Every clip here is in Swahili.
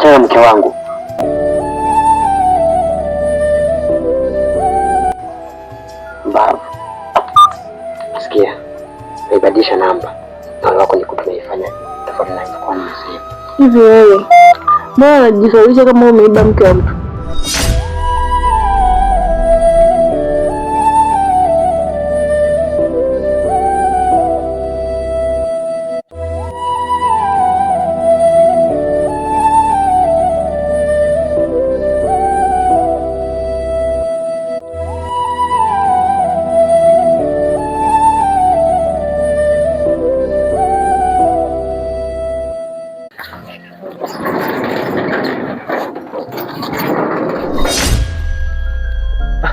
tena mke wangu. Mbavu, sikia, naibadilisha namba na wale wako nikuta tofauti na ilivyokuwa mzee. Hivi wewe mbona unajisawisha kama umeiba mke wa mtu?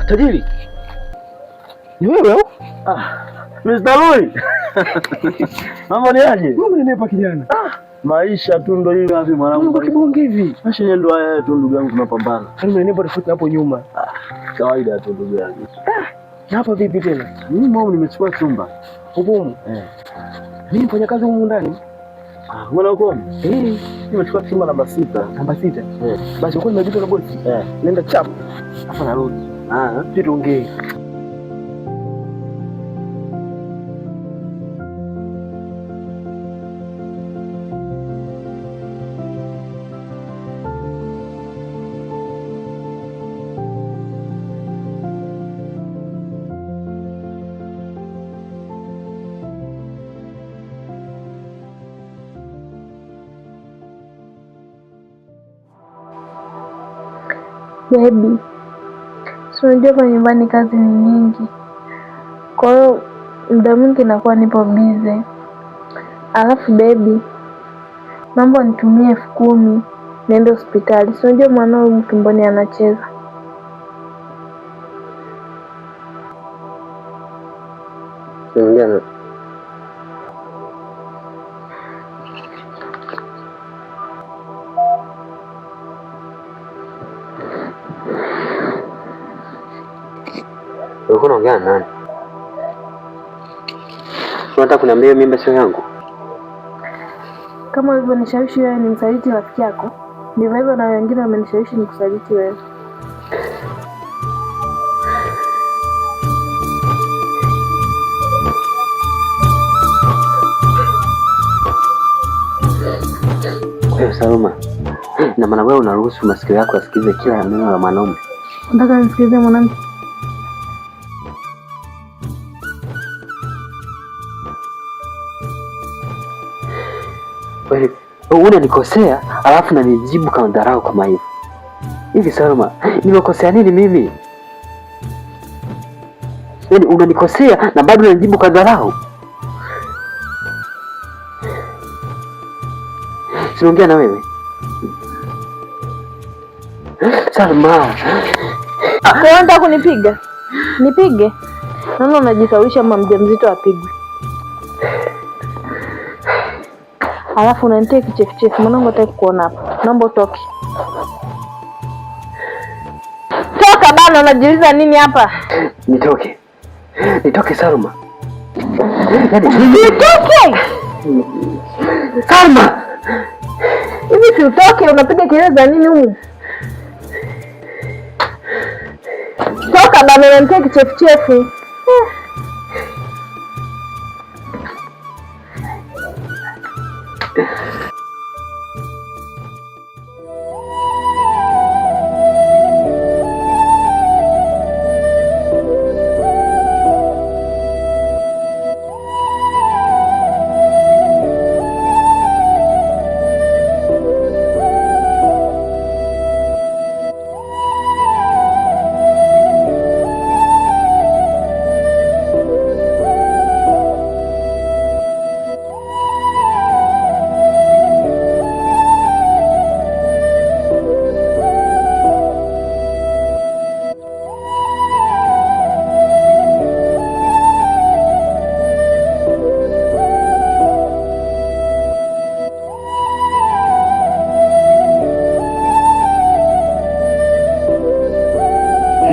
Tajiri ni wewe au? Ah, Mr. Lui mambo ni aje? ni ninepa kijana. Ah, maisha tu ndo hivi hivi mwanangu, kwa kibonge hivi. Maisha ni ndo haya tu ndugu yangu, tunapambana. Yaani ninepa tofauti hapo nyuma. Ah, kawaida tu ndugu yangu. Ah, Na hapa vipi tena? Mimi mwanangu nimechukua chumba. Hukumu. Eh. Mimi mfanya kazi huko ndani. Ah, wewe uko? Eh, nimechukua chumba namba sita. Namba sita. Eh. Basi uko nimejitoa na bosi. Eh. Nenda chap. Hapa narudi. birungi ha, Baby, unajua kwa nyumbani kazi ni nyingi, kwa hiyo muda mwingi nakuwa nipo bize. Alafu bebi, naomba nitumie elfu kumi niende hospitali, si unajua mwanao tumboni anacheza. Ongea Ulikuwa unaongea na nani? Unataka kuniambia hiyo mimba sio yangu? Kama ulivyonishawishi wewe ni msaliti rafiki yako, ndivyo hivyo na wengine wamenishawishi kusaliti wewe. Kwa Salma, na maana wewe unaruhusu masikio yako yasikize kila neno la mwanaume? Unataka nisikilize mwanamke? kweli unanikosea alafu nanijibu kama dharau kama hivi hivi. Salma, nimekosea nini mimi? Yaani unanikosea na bado unanijibu kwa dharau. Sinaongea na wewe Salma. Ah, unataka kunipiga nipige? Naona unajisawisha mama mjamzito apigwe alafu unanitia kichefuchefu. Mwanangu hataki kuona hapa, naomba utoke. Toka bana, unajiuliza nini hapa? Nitoke, nitoke Salma, yaani- nitoke Salma. Hivi si utoke, unapiga kelele za nini humu? Toka bana, unanitia kichefuchefu. Eh.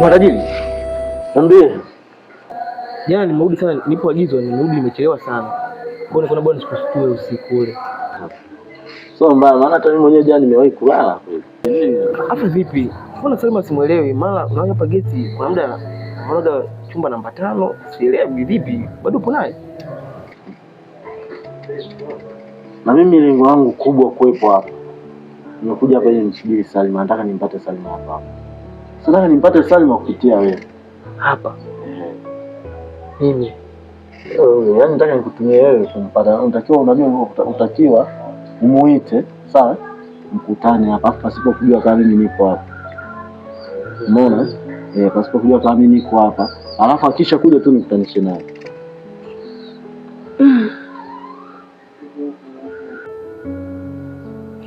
Mwatajiri, niambie. Jana nimerudi sana, nilipoagizwa nimerudi nimechelewa sana, kwa nikaona bwana sikusitue usiku ule. So mbaya, maana hata mimi mwenyewe jana nimewahi kulala kweli. Hata vipi, mbona Salma simuelewi? Mara unaona hapa geti kuna muda unaona chumba namba tano, sielewi vipi, bado upo naye na mimi lengo langu kubwa kuwepo hapa, nimekuja hapa ili nimsubiri Salma, nataka nimpate Salma hapa hapa Nataka nimpate sali kupitia wewe hapa mimi. Yaani nataka nikutumie wewe kumpata. Unatakiwa, unajua, utakiwa umuite sawa, mkutane hapa pasipo kujua kama mimi niko hapa, umeona eh, pasipo kujua kama mimi niko hapa, alafu akisha kuja tu nikutanishe naye.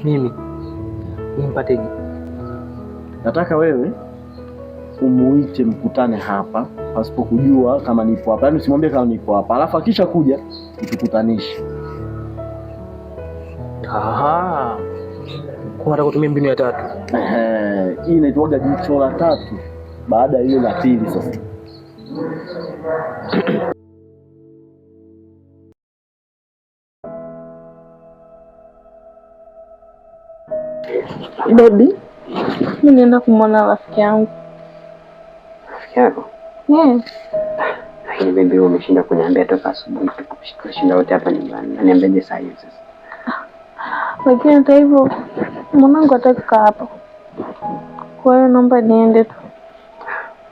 Mimi nimpateje? Nataka wewe umuite mkutane hapa pasipokujua kama nipo hapa, yaani usimwambie kama nipo hapa, alafu akisha kuja utukutanishe. Aha, nataka kutumia mbinu ya tatu hii inaitwaga jicho la tatu baada ya ile la pili. Sasa Baby, mimi naenda kumwona rafiki yangu rafiki yako? Yes. Lakini baby, umeshinda kuniambia toka asubuhi, tukashinda wote hapa nyumbani. Naniambiaje saa hiyo sasa? Lakini hata hivyo mwanangu atakaa kukaa hapa, kwa hiyo naomba niende tu.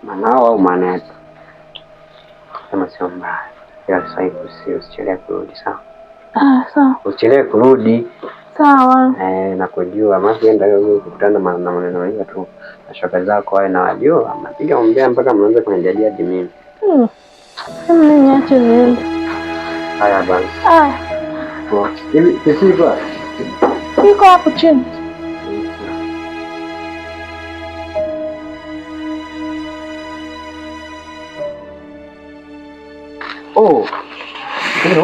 Manao au maana manetu, sema sio mbaya, Ya sasa hivi usichelewe kurudi, sawa? Ah, sawa, usichelewe kurudi. Sawa. Eh, nakujua. Maana enda kukutana na maneno mengi tu. Na shoga zako wewe nawajua. napiga umbea mpaka mnaanza kunijalia hadi mimi. Hmm. Mimi niache Haya bana. Ah. Hivi kisifa. Niko hapo chini. Oh.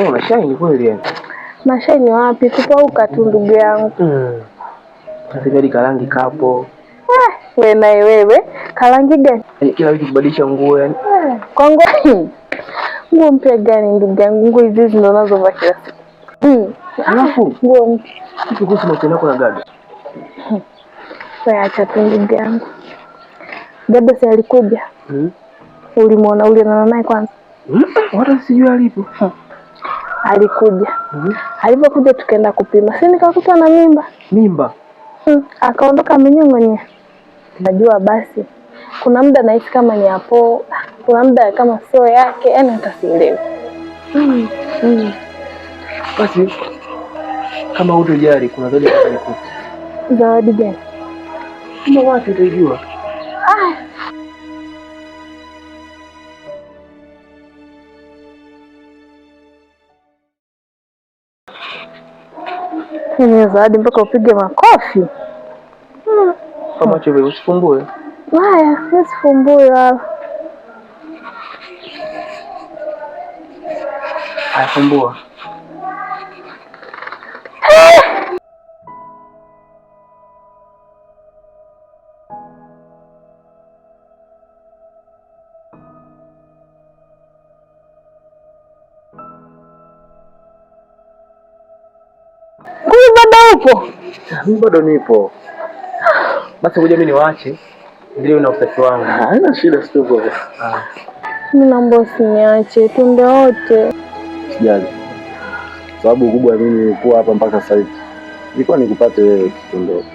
Unashaini kweli yani. Masha ni wapi kupauka tu ndugu yangu mm. karangi kapo we eh, naye wewe, karangi gani? Yani eh, kila wiki kubadilisha nguo yani. Eh, Kwa nguo nguo mpya gani ndugu yangu? Nguo hizi ndo nazovaa kila siku. Hmm. Alafu nguo mpya kuhusu hmm. acha tu ndugu yangu. Gado si alikuja, hmm. ulimwona? Ulianana naye kwanza? Hata sijui alipo alikuja mm -hmm. Alipokuja tukaenda kupima, si nikakuta na mimba mimba. Hmm. Akaondoka mwenyewe mwenyewe. Najua basi, kuna muda nahisi kama ni hapo, kuna muda kama sio yake, yani hata sielewi. Hmm, -hmm. Basi kama hutojali, kuna zawadi Zawadi gani? Kama watu utajua. Ah. ni zawadi mpaka upige makofi. Kama chebe usifumbue. Haya, usifumbue wala. Afumbua. upo? Mimi bado nipo. Basi kuja mimi niwaache ndio na usafi wangu. Haina shida sitopo. Ah. Mimi naomba usiniache tunde wote. Sijali. Sababu kubwa mimi kuwa hapa mpaka sasa hivi. Nilikuwa nikupate wewe tunde wote.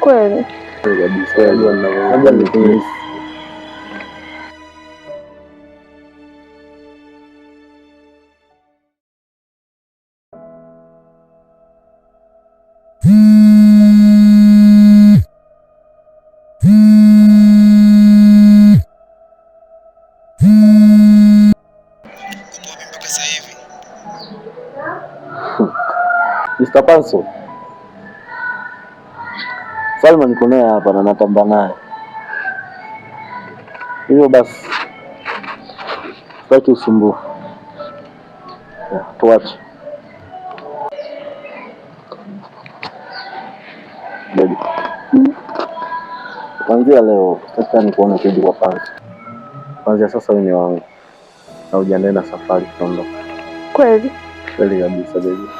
Kweli? Kweli kabisa. Najua ninavyokuhisi. Mr. Panso. Salma niko naye hapa na natamba naye, hivyo basi sitaki usumbufu, tuache kuanzia leo. Sasa nikuona kiji kwa Panso, kuanzia sasa wewe ni wangu na ujiandae na safari, tunaondoka. Kweli kweli kabisa baby.